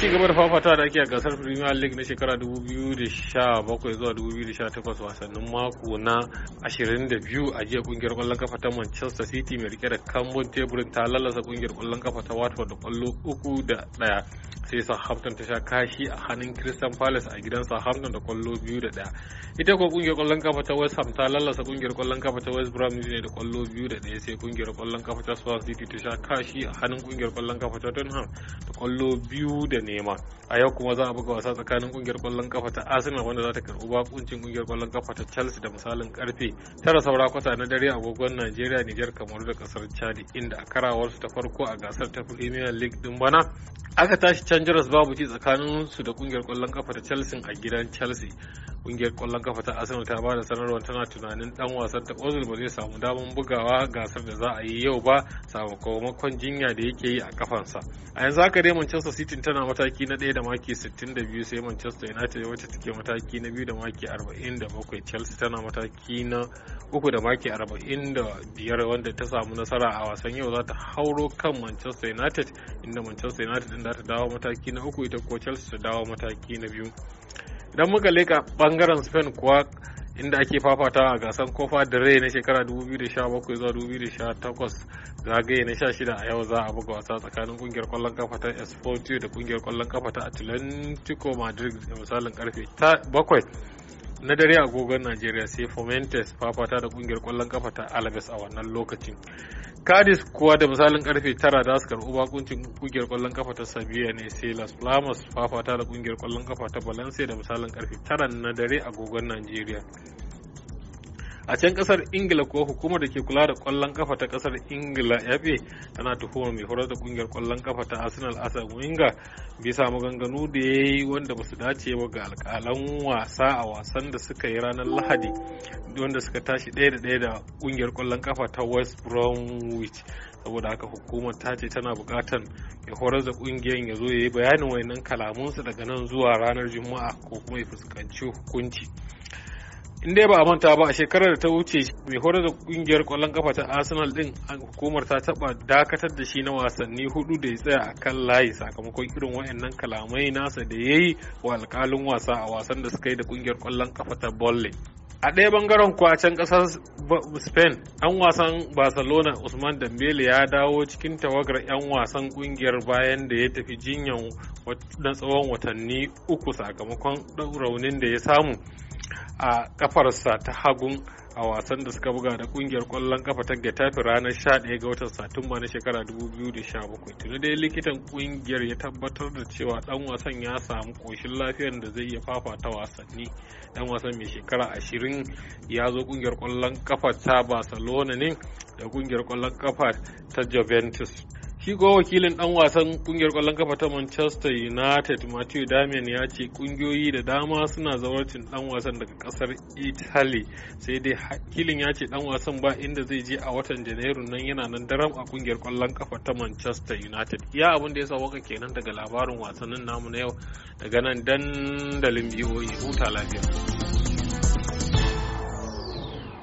ci gaba da fafata da ake a gasar premier league na shekara 2017 zuwa 2018 wasannin mako na 22 a jiya kungiyar kwallon kafa ta manchester city mai rike da kambun teburin ta lalasa kungiyar kwallon kafa ta watford da kwallo 3 da daya sai Southampton ta sha kashi a hannun Crystal Palace a gidan Southampton da kwallo 2 da ɗaya. Ita kuwa kungiyar kwallon kafa ta West Ham ta lalasa kungiyar kwallon kafa ta West Brom ne da kwallo biyu da ɗaya sai kungiyar kwallon kafa ta Swansea City ta sha kashi a hannun kungiyar kwallon kafa ta Tottenham da kwallo biyu da nema a yau kuma za a buga wasa tsakanin kungiyar kwallon kafa ta arsenal wanda za ta karbi bakuncin kungiyar kwallon kafa ta chelsea da misalin karfe tara saura kwata na dare a agogon nigeria niger kamaru da kasar chad inda a karawarsu ta farko a gasar ta premier league din bana aka tashi can jaras babu ci tsakanin su da kungiyar kwallon kafa ta chelsea a gidan chelsea kungiyar kwallon kafa ta arsenal ta ba da sanarwar tana tunanin dan wasan ta ozil ba zai samu damar bugawa gasar da za a yi yau ba sakamakon jinya da yake yi a kafansa a yanzu haka dai manchester city tana mataki na 1 da maki 62 sai manchester united wacce take mataki na 2 da maki 47 chelsea tana mataki na uku da maki arba'in da biyar wanda ta samu nasara a wasan yau za ta hauro kan manchester united inda manchester united din za ta dawo mataki na uku ita ko chelsea ta dawo mataki na biyu idan muka leka bangaren spain kuwa inda ake fafata a gasar kofa da rai na shekara 2017 zuwa 2018 zagaye na 16 a yau za a buga wasa tsakanin kungiyar kwallon kafa ta esportivo da kungiyar kwallon kafa ta atlantico madrid da misalin karfe 7 na dare a agogon Najeriya sai fomentes fafata da kungiyar kwallon kafa ta Alabes a wannan lokacin. Cadiz kuwa da misalin karfe 9 da askar uba kuncin kungiyar kwallon kafa ta Sabiya ne sai Las Palmas fafata da kungiyar kwallon kafa ta Valencia da misalin karfe 9 na dare agogon Najeriya. a can kasar ingila kuwa hukumar da ke kula da kwallon kafa ta kasar ingila yafe tana tuhumar mai horar da kungiyar kwallon kafa ta arsenal asa winga bisa maganganu da ya yi wanda ba su dace ba ga alkalan wasa a wasan da suka yi ranar lahadi wanda suka tashi daya da ɗaya da kungiyar kwallon kafa ta west bromwich saboda haka hukumar ta ce tana bukatar ya horar da kungiyar ya zo ya yi bayanin wayannan kalamunsa daga nan zuwa ranar juma'a ko kuma ya fuskanci hukunci in dai ba a manta ba a shekarar da ta wuce mai horar da kungiyar kwallon kafa ta arsenal din hukumar ta taba dakatar da shi na wasanni hudu da ya tsaya a kan layi sakamakon irin wayannan kalamai nasa da ya yi wa alkalin wasa a wasan da suka yi da kungiyar kwallon kafa ta bolle a ɗaya bangaren can ƙasar spain ɗan wasan barcelona usman dambele ya dawo cikin tawagar 'yan wasan ƙungiyar bayan da ya tafi jinyan na tsawon watanni uku sakamakon raunin da ya samu a kafarsa ta hagun a wasan da suka buga da kungiyar kwallon kafa ta Getafe ranar 11 ga watan Satumba na shekara 2017. Tuni dai likitan kungiyar ya tabbatar da cewa dan wasan ya samu koshin lafiyar da zai iya fafa ta wasanni. Dan wasan mai shekara 20 ya zo kungiyar kwallon kafa ta Barcelona ne da kungiyar kwallon kafa ta Juventus. Shi kuwa wakilin ɗan wasan ƙungiyar ƙwallon kafa ta Manchester United Matthew Damian ya ce ƙungiyoyi da dama suna zawarcin dan wasan daga kasar Italy sai dai hakilin ya ce ɗan wasan ba inda zai je a watan Janairu nan yana nan daram a ƙungiyar kwallon kafa ta Manchester United. ya abin da ya sawaka kenan daga labarin wasannin namu na yau daga nan dandalin BOE huta lafiya.